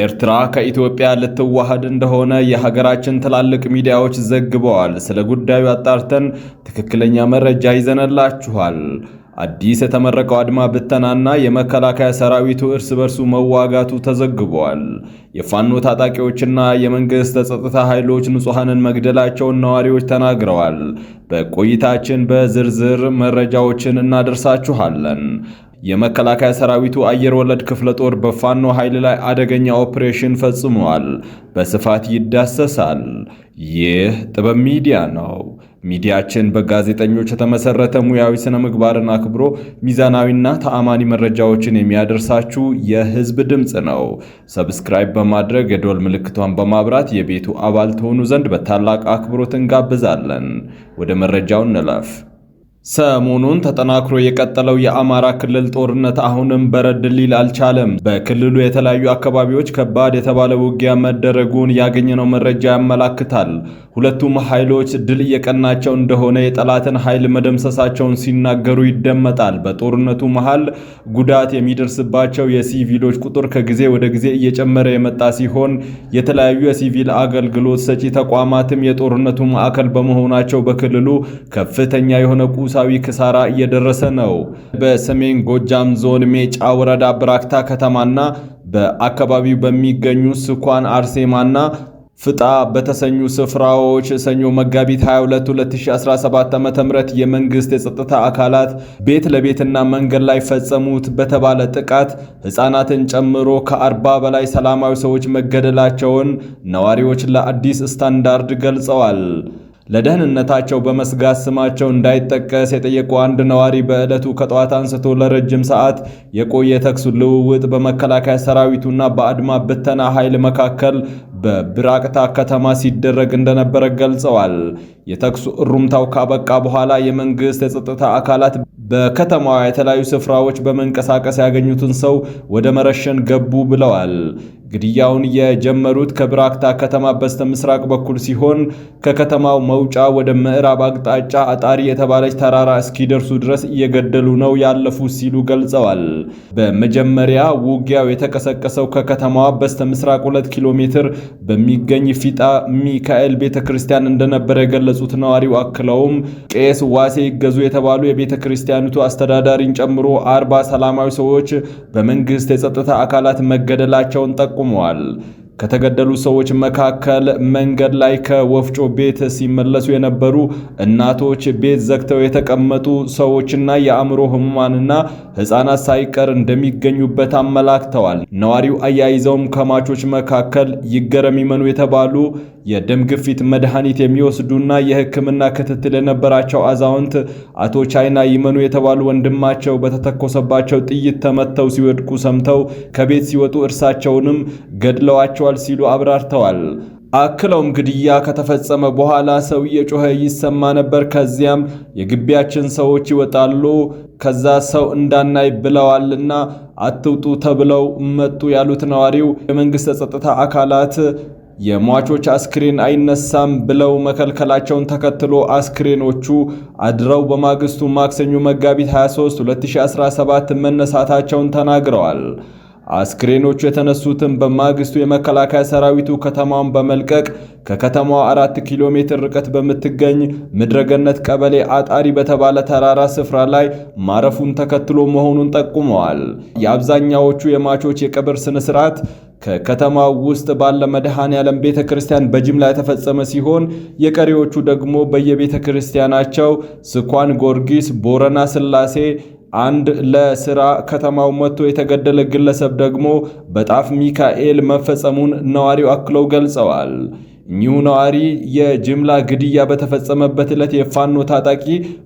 ኤርትራ ከኢትዮጵያ ልትዋሃድ እንደሆነ የሀገራችን ትላልቅ ሚዲያዎች ዘግበዋል። ስለ ጉዳዩ አጣርተን ትክክለኛ መረጃ ይዘነላችኋል። አዲስ የተመረቀው አድማ ብተናና የመከላከያ ሰራዊቱ እርስ በርሱ መዋጋቱ ተዘግቧል። የፋኖ ታጣቂዎችና የመንግሥት ጸጥታ ኃይሎች ንጹሐንን መግደላቸውን ነዋሪዎች ተናግረዋል። በቆይታችን በዝርዝር መረጃዎችን እናደርሳችኋለን። የመከላከያ ሰራዊቱ አየር ወለድ ክፍለ ጦር በፋኖ ኃይል ላይ አደገኛ ኦፕሬሽን ፈጽሟል። በስፋት ይዳሰሳል። ይህ ጥበብ ሚዲያ ነው። ሚዲያችን በጋዜጠኞች የተመሰረተ ሙያዊ ስነ ምግባርን አክብሮ ሚዛናዊና ተአማኒ መረጃዎችን የሚያደርሳችሁ የህዝብ ድምፅ ነው። ሰብስክራይብ በማድረግ የዶል ምልክቷን በማብራት የቤቱ አባል ትሆኑ ዘንድ በታላቅ አክብሮት እንጋብዛለን። ወደ መረጃው እንለፍ። ሰሞኑን ተጠናክሮ የቀጠለው የአማራ ክልል ጦርነት አሁንም በረድ ሊል አልቻለም። በክልሉ የተለያዩ አካባቢዎች ከባድ የተባለ ውጊያ መደረጉን ያገኘነው መረጃ ያመላክታል። ሁለቱም ኃይሎች ድል እየቀናቸው እንደሆነ የጠላትን ኃይል መደምሰሳቸውን ሲናገሩ ይደመጣል። በጦርነቱ መሃል ጉዳት የሚደርስባቸው የሲቪሎች ቁጥር ከጊዜ ወደ ጊዜ እየጨመረ የመጣ ሲሆን የተለያዩ የሲቪል አገልግሎት ሰጪ ተቋማትም የጦርነቱ ማዕከል በመሆናቸው በክልሉ ከፍተኛ የሆነ ቁስ ቁሳዊ ክሳራ እየደረሰ ነው። በሰሜን ጎጃም ዞን ሜጫ ወረዳ ብራክታ ከተማና በአካባቢው በሚገኙ ስኳን አርሴማና ፍጣ በተሰኙ ስፍራዎች ሰኞ መጋቢት 22 2017 ዓ.ም የመንግስት የጸጥታ አካላት ቤት ለቤትና መንገድ ላይ ፈጸሙት በተባለ ጥቃት ህፃናትን ጨምሮ ከአርባ በላይ ሰላማዊ ሰዎች መገደላቸውን ነዋሪዎች ለአዲስ ስታንዳርድ ገልጸዋል። ለደህንነታቸው በመስጋት ስማቸው እንዳይጠቀስ የጠየቁ አንድ ነዋሪ በዕለቱ ከጠዋት አንስቶ ለረጅም ሰዓት የቆየ ተኩስ ልውውጥ በመከላከያ ሰራዊቱና በአድማ ብተና ኃይል መካከል በብራቅታ ከተማ ሲደረግ እንደነበረ ገልጸዋል። የተኩስ እሩምታው ካበቃ በኋላ የመንግስት የጸጥታ አካላት በከተማዋ የተለያዩ ስፍራዎች በመንቀሳቀስ ያገኙትን ሰው ወደ መረሸን ገቡ ብለዋል። ግድያውን የጀመሩት ከብራክታ ከተማ በስተ ምስራቅ በኩል ሲሆን ከከተማው መውጫ ወደ ምዕራብ አቅጣጫ አጣሪ የተባለች ተራራ እስኪደርሱ ድረስ እየገደሉ ነው ያለፉ ሲሉ ገልጸዋል። በመጀመሪያ ውጊያው የተቀሰቀሰው ከከተማዋ በስተ ምስራቅ ሁለት ኪሎ ሜትር በሚገኝ ፊጣ ሚካኤል ቤተ ክርስቲያን እንደነበረ የገለጹት ነዋሪው አክለውም ቄስ ዋሴ ይገዙ የተባሉ የቤተ ክርስቲያኒቱ አስተዳዳሪን ጨምሮ አርባ ሰላማዊ ሰዎች በመንግስት የጸጥታ አካላት መገደላቸውን ጠቁ ጠቁመዋል። ከተገደሉ ሰዎች መካከል መንገድ ላይ ከወፍጮ ቤት ሲመለሱ የነበሩ እናቶች፣ ቤት ዘግተው የተቀመጡ ሰዎችና የአእምሮ ህሙማንና ህፃናት ሳይቀር እንደሚገኙበት አመላክተዋል። ነዋሪው አያይዘውም ከማቾች መካከል ይገረም ይመኑ የተባሉ የደም ግፊት መድኃኒት የሚወስዱና የህክምና ክትትል የነበራቸው አዛውንት አቶ ቻይና ይመኑ የተባሉ ወንድማቸው በተተኮሰባቸው ጥይት ተመተው ሲወድቁ ሰምተው ከቤት ሲወጡ እርሳቸውንም ገድለዋቸዋል ተገድሏል ሲሉ አብራርተዋል። አክለውም ግድያ ከተፈጸመ በኋላ ሰው እየጮኸ ይሰማ ነበር። ከዚያም የግቢያችን ሰዎች ይወጣሉ፣ ከዛ ሰው እንዳናይ ብለዋልና አትውጡ ተብለው መጡ ያሉት ነዋሪው የመንግሥት የጸጥታ አካላት የሟቾች አስክሬን አይነሳም ብለው መከልከላቸውን ተከትሎ አስክሬኖቹ አድረው በማግስቱ ማክሰኞ መጋቢት 23 2017 መነሳታቸውን ተናግረዋል። አስክሬኖቹ የተነሱትም በማግስቱ የመከላከያ ሰራዊቱ ከተማውን በመልቀቅ ከከተማዋ አራት ኪሎ ሜትር ርቀት በምትገኝ ምድረገነት ቀበሌ አጣሪ በተባለ ተራራ ስፍራ ላይ ማረፉን ተከትሎ መሆኑን ጠቁመዋል። የአብዛኛዎቹ የማቾች የቀብር ስነ ስርዓት ከከተማው ውስጥ ባለ መድኃኔ ዓለም ቤተ ክርስቲያን በጅምላ የተፈጸመ ሲሆን የቀሪዎቹ ደግሞ በየቤተ ክርስቲያናቸው ስኳን ጊዮርጊስ፣ ቦረና ስላሴ አንድ ለስራ ከተማው መጥቶ የተገደለ ግለሰብ ደግሞ በጣፍ ሚካኤል መፈጸሙን ነዋሪው አክለው ገልጸዋል። እኚሁ ነዋሪ የጅምላ ግድያ በተፈጸመበት ዕለት የፋኖ ታጣቂ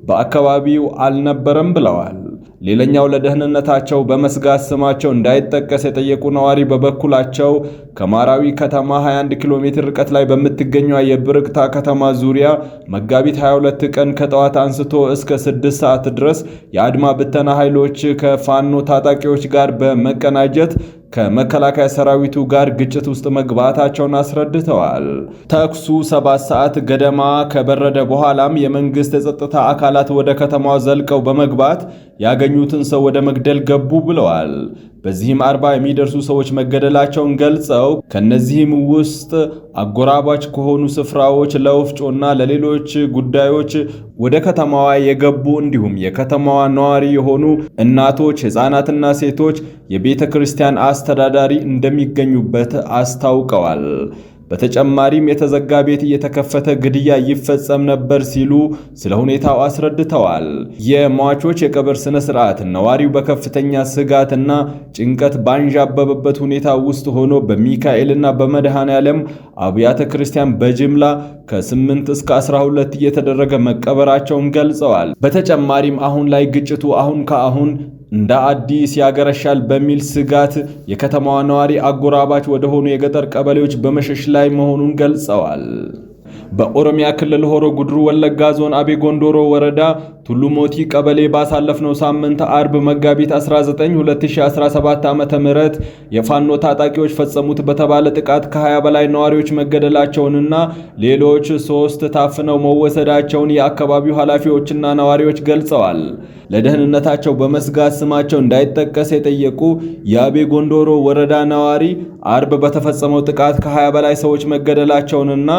በአካባቢው አልነበረም ብለዋል። ሌላኛው ለደህንነታቸው በመስጋት ስማቸው እንዳይጠቀስ የጠየቁ ነዋሪ በበኩላቸው ከማራዊ ከተማ 21 ኪሎ ሜትር ርቀት ላይ በምትገኘው የብርቅታ ከተማ ዙሪያ መጋቢት 22 ቀን ከጠዋት አንስቶ እስከ 6 ሰዓት ድረስ የአድማ ብተና ኃይሎች ከፋኖ ታጣቂዎች ጋር በመቀናጀት ከመከላከያ ሰራዊቱ ጋር ግጭት ውስጥ መግባታቸውን አስረድተዋል። ተኩሱ ሰባት ሰዓት ገደማ ከበረደ በኋላም የመንግስት የጸጥታ አካላት ወደ ከተማዋ ዘልቀው በመግባት ያገኙትን ሰው ወደ መግደል ገቡ ብለዋል። በዚህም አርባ የሚደርሱ ሰዎች መገደላቸውን ገልጸው ከነዚህም ውስጥ አጎራባች ከሆኑ ስፍራዎች ለወፍጮና ለሌሎች ጉዳዮች ወደ ከተማዋ የገቡ እንዲሁም የከተማዋ ነዋሪ የሆኑ እናቶች፣ ሕፃናትና ሴቶች የቤተ ክርስቲያን አስተዳዳሪ እንደሚገኙበት አስታውቀዋል። በተጨማሪም የተዘጋ ቤት እየተከፈተ ግድያ ይፈጸም ነበር ሲሉ ስለ ሁኔታው አስረድተዋል። የሟቾች የቀብር ስነ ስርዓት ነዋሪው በከፍተኛ ስጋትና ጭንቀት ባንዣበበበት ሁኔታ ውስጥ ሆኖ በሚካኤልና በመድኃኔ ዓለም አብያተ ክርስቲያን በጅምላ ከ8 እስከ 12 እየተደረገ መቀበራቸውን ገልጸዋል። በተጨማሪም አሁን ላይ ግጭቱ አሁን ከአሁን እንደ አዲስ ያገረሻል በሚል ስጋት የከተማዋ ነዋሪ አጎራባች ወደሆኑ የገጠር ቀበሌዎች በመሸሽ ላይ መሆኑን ገልጸዋል። በኦሮሚያ ክልል ሆሮ ጉድሩ ወለጋ ዞን አቤ ጎንዶሮ ወረዳ ቱሉ ሞቲ ቀበሌ ባሳለፍነው ሳምንት አርብ መጋቢት 19 2017 ዓ.ም የፋኖ ታጣቂዎች ፈጸሙት በተባለ ጥቃት ከ20 በላይ ነዋሪዎች መገደላቸውንና ሌሎች ሶስት ታፍነው መወሰዳቸውን የአካባቢው ኃላፊዎችና ነዋሪዎች ገልጸዋል። ለደህንነታቸው በመስጋት ስማቸው እንዳይጠቀስ የጠየቁ የአቤ ጎንዶሮ ወረዳ ነዋሪ አርብ በተፈጸመው ጥቃት ከ20 በላይ ሰዎች መገደላቸውንና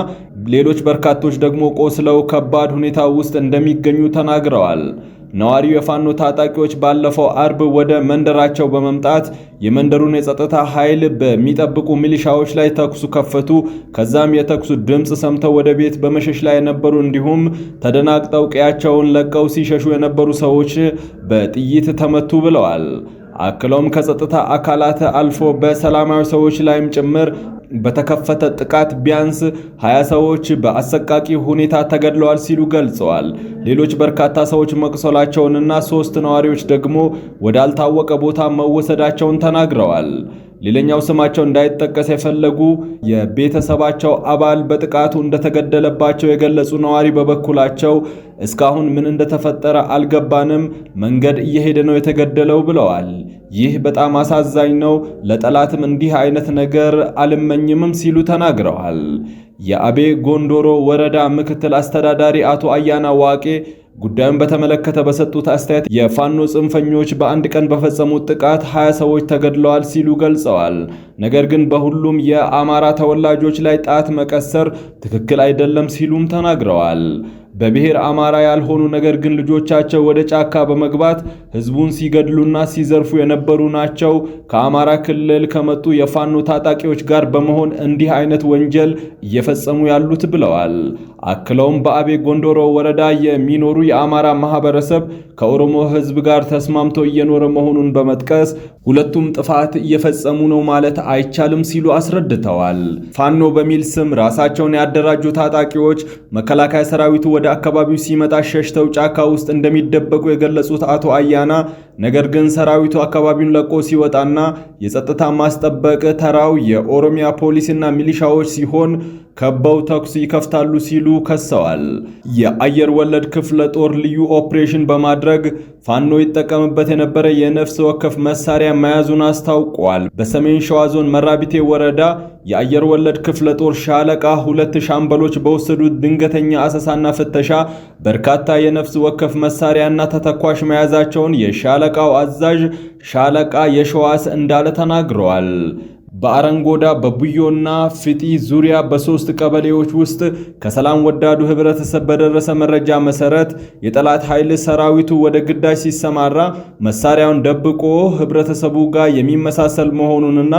ሌሎች በርካቶች ደግሞ ቆስለው ከባድ ሁኔታ ውስጥ እንደሚገኙ ተናግረዋል። ተናግረዋል። ነዋሪው የፋኖ ታጣቂዎች ባለፈው አርብ ወደ መንደራቸው በመምጣት የመንደሩን የጸጥታ ኃይል በሚጠብቁ ሚሊሻዎች ላይ ተኩሱ ከፈቱ። ከዛም የተኩሱ ድምፅ ሰምተው ወደ ቤት በመሸሽ ላይ የነበሩ እንዲሁም ተደናግጠው ቀያቸውን ለቀው ሲሸሹ የነበሩ ሰዎች በጥይት ተመቱ ብለዋል። አክለውም ከጸጥታ አካላት አልፎ በሰላማዊ ሰዎች ላይም ጭምር በተከፈተ ጥቃት ቢያንስ 20 ሰዎች በአሰቃቂ ሁኔታ ተገድለዋል ሲሉ ገልጸዋል። ሌሎች በርካታ ሰዎች መቁሰላቸውንና ሦስት ነዋሪዎች ደግሞ ወዳልታወቀ ቦታ መወሰዳቸውን ተናግረዋል። ሌላኛው ስማቸው እንዳይጠቀስ የፈለጉ የቤተሰባቸው አባል በጥቃቱ እንደተገደለባቸው የገለጹ ነዋሪ በበኩላቸው እስካሁን ምን እንደተፈጠረ አልገባንም፣ መንገድ እየሄደ ነው የተገደለው ብለዋል። ይህ በጣም አሳዛኝ ነው፣ ለጠላትም እንዲህ አይነት ነገር አልመኝምም ሲሉ ተናግረዋል። የአቤ ጎንዶሮ ወረዳ ምክትል አስተዳዳሪ አቶ አያና ዋቄ ጉዳዩን በተመለከተ በሰጡት አስተያየት የፋኖ ጽንፈኞች በአንድ ቀን በፈጸሙት ጥቃት 20 ሰዎች ተገድለዋል ሲሉ ገልጸዋል። ነገር ግን በሁሉም የአማራ ተወላጆች ላይ ጣት መቀሰር ትክክል አይደለም ሲሉም ተናግረዋል። በብሔር አማራ ያልሆኑ ነገር ግን ልጆቻቸው ወደ ጫካ በመግባት ህዝቡን ሲገድሉና ሲዘርፉ የነበሩ ናቸው። ከአማራ ክልል ከመጡ የፋኖ ታጣቂዎች ጋር በመሆን እንዲህ አይነት ወንጀል እየፈጸሙ ያሉት ብለዋል። አክለውም በአቤ ጎንደሮ ወረዳ የሚኖሩ የአማራ ማህበረሰብ ከኦሮሞ ሕዝብ ጋር ተስማምቶ እየኖረ መሆኑን በመጥቀስ ሁለቱም ጥፋት እየፈጸሙ ነው ማለት አይቻልም ሲሉ አስረድተዋል። ፋኖ በሚል ስም ራሳቸውን ያደራጁ ታጣቂዎች መከላከያ ሰራዊቱ ወደ አካባቢው ሲመጣ ሸሽተው ጫካ ውስጥ እንደሚደበቁ የገለጹት አቶ አያና ነገር ግን ሰራዊቱ አካባቢውን ለቆ ሲወጣና የጸጥታ ማስጠበቅ ተራው የኦሮሚያ ፖሊስና ሚሊሻዎች ሲሆን ከበው ተኩስ ይከፍታሉ ሲሉ ከሰዋል። የአየር ወለድ ክፍለ ጦር ልዩ ኦፕሬሽን በማድረግ ፋኖ ይጠቀምበት የነበረ የነፍስ ወከፍ መሳሪያ መያዙን አስታውቋል። በሰሜን ሸዋ ዞን መራቢቴ ወረዳ የአየር ወለድ ክፍለ ጦር ሻለቃ ሁለት ሻምበሎች በወሰዱት ድንገተኛ አሰሳና ፍተሻ በርካታ የነፍስ ወከፍ መሳሪያና ተተኳሽ መያዛቸውን የሻለቃው አዛዥ ሻለቃ የሸዋስ እንዳለ ተናግረዋል። በአረንጎዳ በቡዮና ፍጢ ዙሪያ በሶስት ቀበሌዎች ውስጥ ከሰላም ወዳዱ ህብረተሰብ በደረሰ መረጃ መሰረት የጠላት ኃይል ሰራዊቱ ወደ ግዳጅ ሲሰማራ መሳሪያውን ደብቆ ህብረተሰቡ ጋር የሚመሳሰል መሆኑንና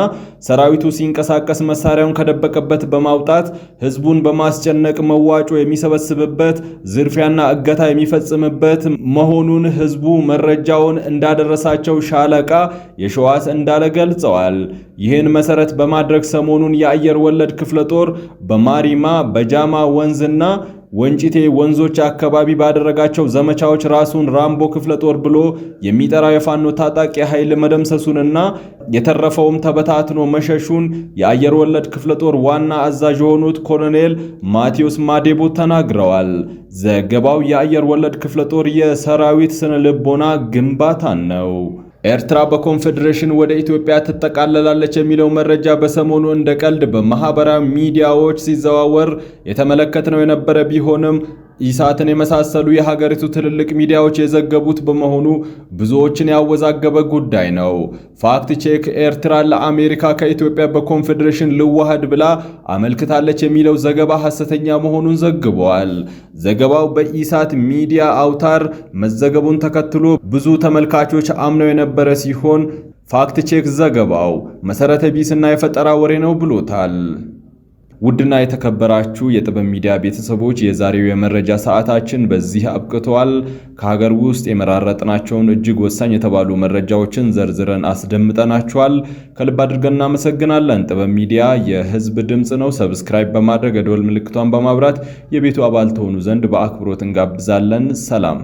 ሰራዊቱ ሲንቀሳቀስ መሳሪያውን ከደበቀበት በማውጣት ህዝቡን በማስጨነቅ መዋጮ የሚሰበስብበት፣ ዝርፊያና እገታ የሚፈጽምበት መሆኑን ህዝቡ መረጃውን እንዳደረሳቸው ሻለቃ የሸዋስ እንዳለ ገልጸዋል። ይህን መሰረት በማድረግ ሰሞኑን የአየር ወለድ ክፍለ ጦር በማሪማ በጃማ ወንዝና ወንጭቴ ወንዞች አካባቢ ባደረጋቸው ዘመቻዎች ራሱን ራምቦ ክፍለ ጦር ብሎ የሚጠራው የፋኖ ታጣቂ ኃይል መደምሰሱንና የተረፈውም ተበታትኖ መሸሹን የአየር ወለድ ክፍለ ጦር ዋና አዛዥ የሆኑት ኮሎኔል ማቴዎስ ማዴቦ ተናግረዋል። ዘገባው የአየር ወለድ ክፍለ ጦር የሰራዊት ስነ ልቦና ግንባታን ነው። ኤርትራ በኮንፌዴሬሽን ወደ ኢትዮጵያ ትጠቃለላለች የሚለው መረጃ በሰሞኑ እንደ ቀልድ በማህበራዊ ሚዲያዎች ሲዘዋወር የተመለከትነው የነበረ ቢሆንም ኢሳትን የመሳሰሉ የሀገሪቱ ትልልቅ ሚዲያዎች የዘገቡት በመሆኑ ብዙዎችን ያወዛገበ ጉዳይ ነው። ፋክት ቼክ ኤርትራ ለአሜሪካ ከኢትዮጵያ በኮንፌዴሬሽን ልዋሃድ ብላ አመልክታለች የሚለው ዘገባ ሐሰተኛ መሆኑን ዘግቧል። ዘገባው በኢሳት ሚዲያ አውታር መዘገቡን ተከትሎ ብዙ ተመልካቾች አምነው የነበረ ሲሆን ፋክት ቼክ ዘገባው መሰረተ ቢስና የፈጠራ ወሬ ነው ብሎታል። ውድና የተከበራችሁ የጥበብ ሚዲያ ቤተሰቦች የዛሬው የመረጃ ሰዓታችን በዚህ አብቅተዋል። ከሀገር ውስጥ የመራረጥናቸውን እጅግ ወሳኝ የተባሉ መረጃዎችን ዘርዝረን አስደምጠናችኋል። ከልብ አድርገን እናመሰግናለን። ጥበብ ሚዲያ የህዝብ ድምፅ ነው። ሰብስክራይብ በማድረግ የደወል ምልክቷን በማብራት የቤቱ አባል ተሆኑ ዘንድ በአክብሮት እንጋብዛለን። ሰላም